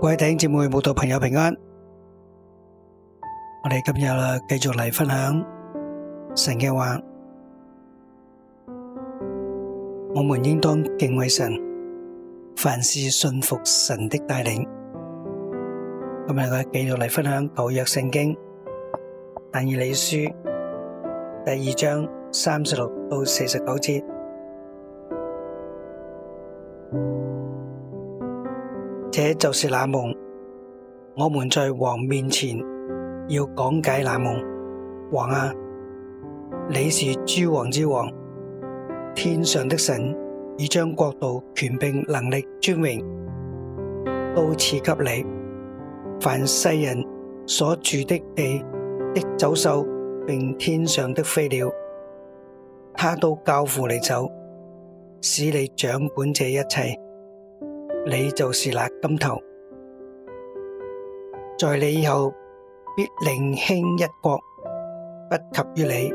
各位弟兄姊妹、信徒朋友平安，我哋今日啦繼續嚟分享神嘅話，我們應當敬畏神，凡事信服神的帶領。今日，繼續嚟分享舊約聖經但以理書第二章三十六到四十九節。這就是那夢，我們在王面前要講解那夢。王啊，你是諸王之王，天上的神已將國度、權柄、能力、尊榮都賜給你。凡世人所住的地的走獸，並天上的飛鳥，他都交付你手，使你掌管這一切。你就是那金頭，在你以後必另興一國，不及於你；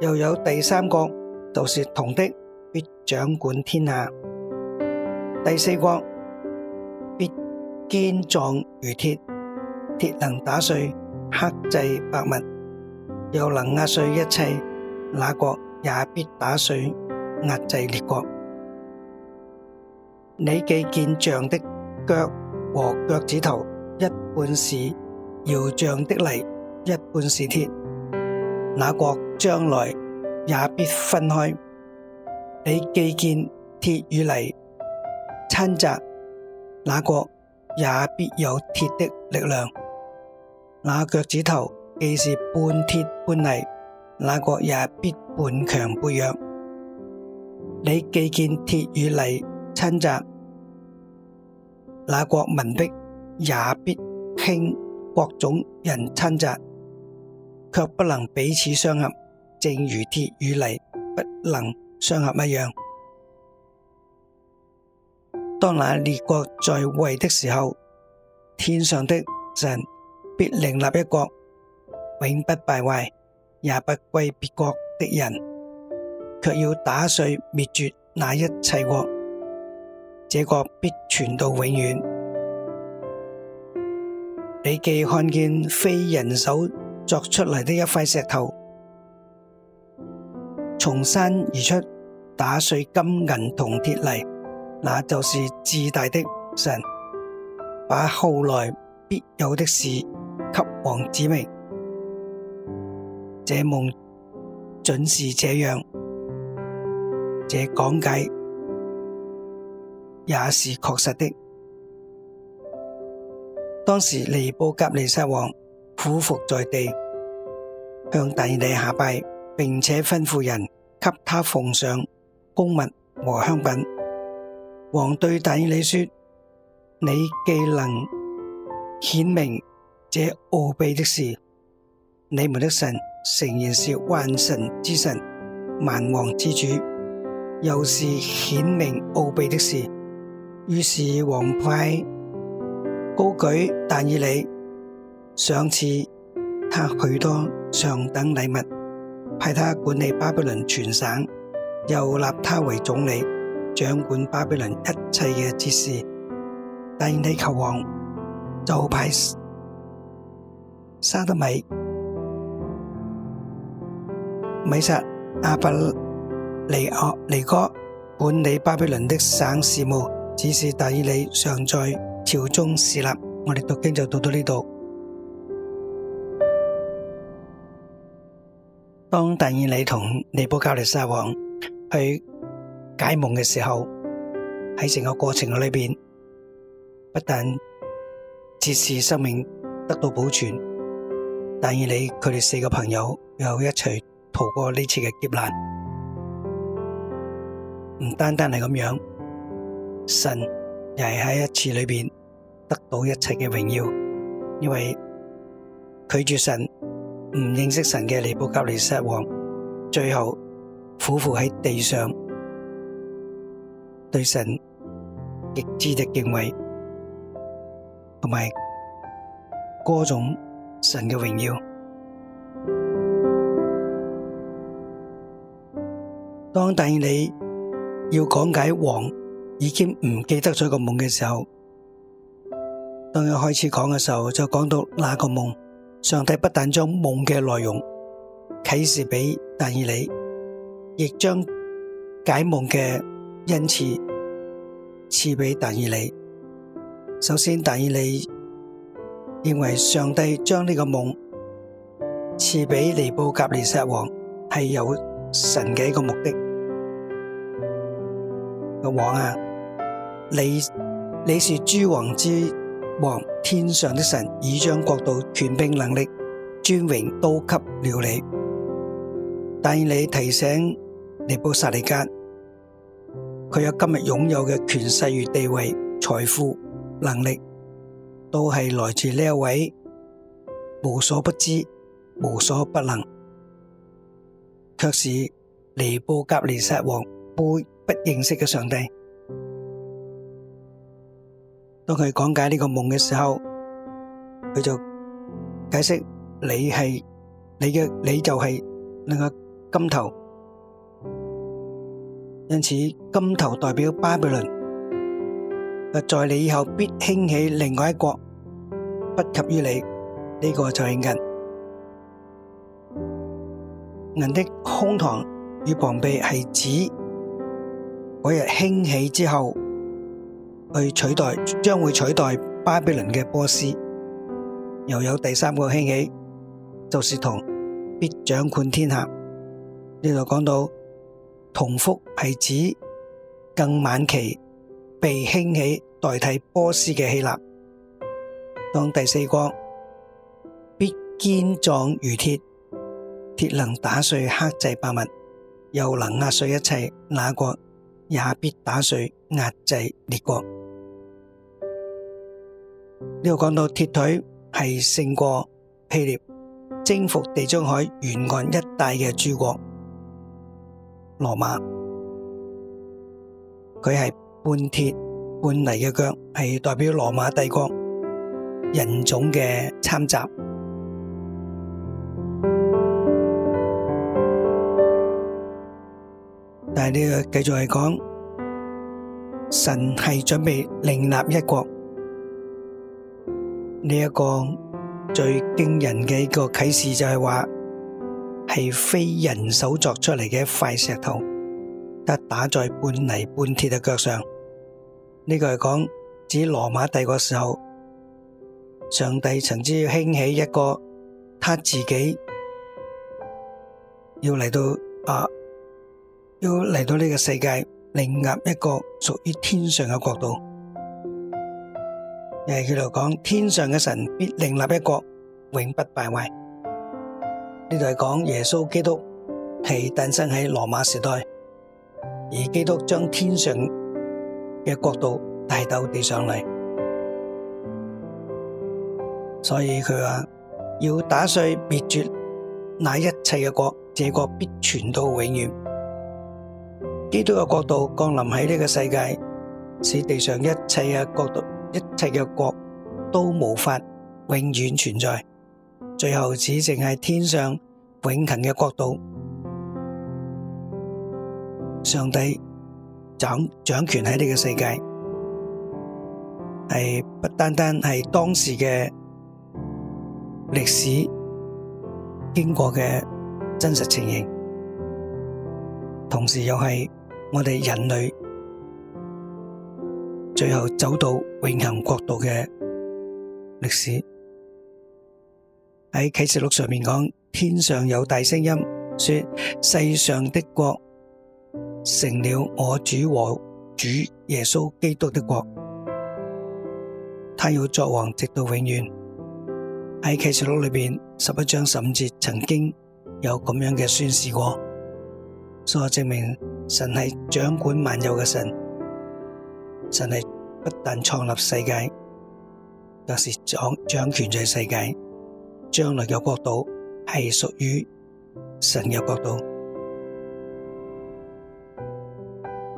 又有第三國，就是銅的，必掌管天下；第四國必堅壯如鐵，鐵能打碎克制百物，又能壓碎一切，那國也必打碎壓制列國。你既見像的腳和腳趾頭一半是窯匠的泥，一半是鐵，那國、個、將來也必分開。你既見鐵與泥摻雜，那國、個、也必有鐵的力量。那個、腳趾頭既是半鐵半泥，那國、個、也必半強半弱。你既見鐵與泥摻雜。那國民的也必興各種人攙雜，卻不能彼此相合，正如鐵與泥不能相合一樣。當那列國在位的時候，天上的神必另立一國，永不敗壞，也不歸別國的人，卻要打碎滅絕那一切國。這國必傳到永遠。你既看見非人手作出嚟的一塊石頭，從山而出，打碎金銀銅鐵泥，那就是至大的神，把後來必有的事給王指明。這夢準是這樣。這講解。也是確實的。當時尼布甲尼撒王俯伏在地，向但以理下拜，並且吩咐人給他奉上供物和香品。王對但以理說：你既能顯明這奧秘的事，你們的神誠然是萬神之神、萬王之主，又是顯明奧秘的事。於是王派高舉但以理，賞賜他許多上等禮物，派他管理巴比倫全省，又立他為總理，掌管巴比倫一切嘅哲士。但以理求王就派沙德米，美撒、阿伯尼厄尼哥管理巴比倫的省事務。只是但以理尚在朝中侍立，我哋讀經就讀到呢度。當但以理同尼布甲尼撒王去解夢嘅時候，喺成個過程裏邊，不但只是生命得到保存，但以理佢哋四個朋友又一齊逃過呢次嘅劫難，唔單單係咁樣。神又係喺一次裏邊得到一切嘅榮耀，因為拒絕神唔認識神嘅尼布甲尼撒王，最後俯伏喺地上，對神極之的敬畏，同埋歌頌神嘅榮耀。當第二你要講解王。已經唔記得咗個夢嘅時候，當佢開始講嘅時候，就講到那個夢。上帝不但將夢嘅內容啟示俾但以理，亦將解夢嘅恩賜賜俾但以理。首先，但以理認為上帝將呢個夢賜俾尼布甲尼撒王，係有神嘅一個目的。個王啊！你你是諸王之王，天上的神已將國度、權柄、能力、尊榮都給了你。但你提醒尼布薩利加，佢有今日擁有嘅權勢與地位、財富、能力，都係來自呢一位無所不知、無所不能，卻是尼布甲尼撒王不不認識嘅上帝。當佢講解呢個夢嘅時候，佢就解釋你係你嘅，你就係那個金頭，因此金頭代表巴比倫。誒，在你以後必興起另外一國，不及於你，呢個就係銀。銀的胸膛與膀臂係指嗰日興起之後。去取代，將會取代巴比倫嘅波斯，又有第三個興起，就是銅必掌管天下。呢度講到銅福係指更晚期被興起代替波斯嘅希臘。當第四國必堅壯如鐵，鐵能打碎克制百物，又能壓碎一切，那國也必打碎，壓制列國，呢度講到鐵腿係勝過希臘，征服地中海沿岸一帶嘅諸國羅馬。佢係半鐵半泥嘅腳，係代表羅馬帝國人種嘅參雜。但係呢個繼續係講。神係準備另立一國呢一個最驚人嘅一個啟示就係話係非人手作出嚟嘅一塊石頭，一打在半泥半鐵嘅腳上講。呢個係講指羅馬帝國時候，上帝曾經要興起一個他自己要嚟到啊，要嚟到呢個世界。另立一個屬於天上嘅國度，又係佢度講天上嘅神必另立一國，永不敗壞。呢度係講耶穌基督係誕生喺羅馬時代，而基督將天上嘅國度帶到地上嚟，所以佢話要打碎滅絕那一切嘅國，這國必存到永遠。基督嘅國度降臨喺呢個世界，使地上一切嘅國度、一切嘅國都無法永遠存在，最後只剩係天上永恆嘅國度。上帝掌掌權喺呢個世界，係不單單係當時嘅歷史經過嘅真實情形，同時又係。我哋人類最後走到永恆國度嘅歷史，喺啟示錄上面講，天上有大聲音說：世上的國成了我主和主耶穌基督的國，他要作王直到永遠。喺啟示錄裏邊十一章十五節曾經有咁樣嘅宣示過。所以證明神係掌管萬有嘅神，神係不但創立世界，更是掌掌權在世界。將來嘅國度係屬於神嘅國度。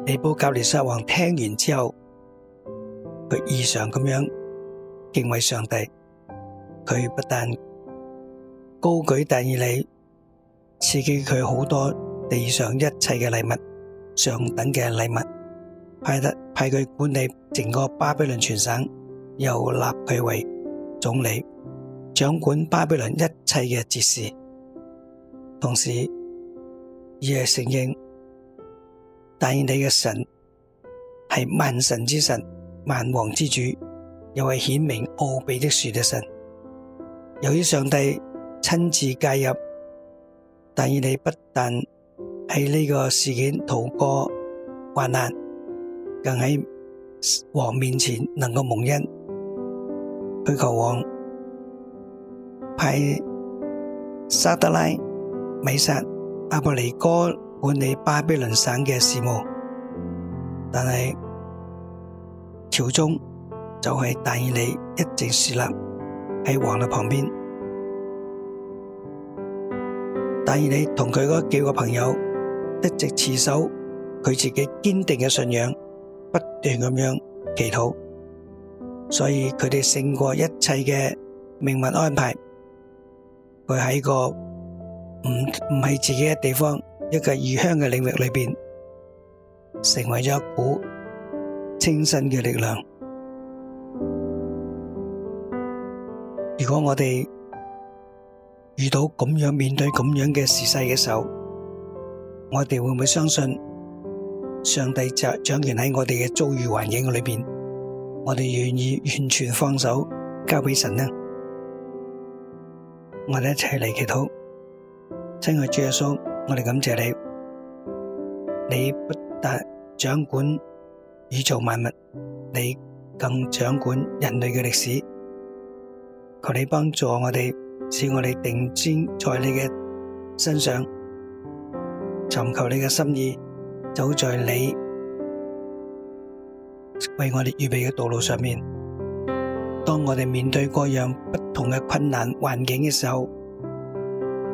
尼布甲尼撒王聽完之後，佢異常咁樣敬畏上帝。佢不但高舉但以理，刺激佢好多。地上一切嘅禮物，上等嘅禮物，派得派佢管理整個巴比倫全省，又立佢為總理，掌管巴比倫一切嘅哲士。同時，也承認但以理嘅神係萬神之神，萬王之主，又係顯明奧秘的事的神。由於上帝親自介入，但以理不但喺呢個事件逃過患難，更喺王面前能夠蒙恩。佢求王派沙得拉、米煞、阿伯尼哥管理巴比倫省嘅事務，但係朝中就係但以理一直侍立喺王嘅旁邊。但以理同佢嗰幾個朋友。一直持守佢自己堅定嘅信仰，不斷咁樣祈禱，所以佢哋勝過一切嘅命運安排。佢喺個唔唔係自己嘅地方，一個異鄉嘅領域裏邊，成為咗一股清新嘅力量。如果我哋遇到咁樣面對咁樣嘅時勢嘅時候，我哋會唔會相信上帝就掌權喺我哋嘅遭遇環境嘅裏邊？我哋願意完全放手交俾神呢？我哋一齊嚟祈禱，親愛主耶穌，我哋感謝你，你不但掌管宇宙萬物，你更掌管人類嘅歷史。求你幫助我哋，使我哋定睛在你嘅身上。尋求你嘅心意，走在你為我哋預備嘅道路上面。當我哋面對各樣不同嘅困難環境嘅時候，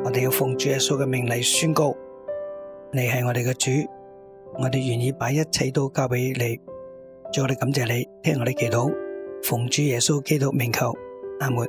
我哋要奉主耶穌嘅名嚟宣告：你係我哋嘅主，我哋願意把一切都交俾你。我哋感謝你，聽我哋祈禱，奉主耶穌基督名求，阿門。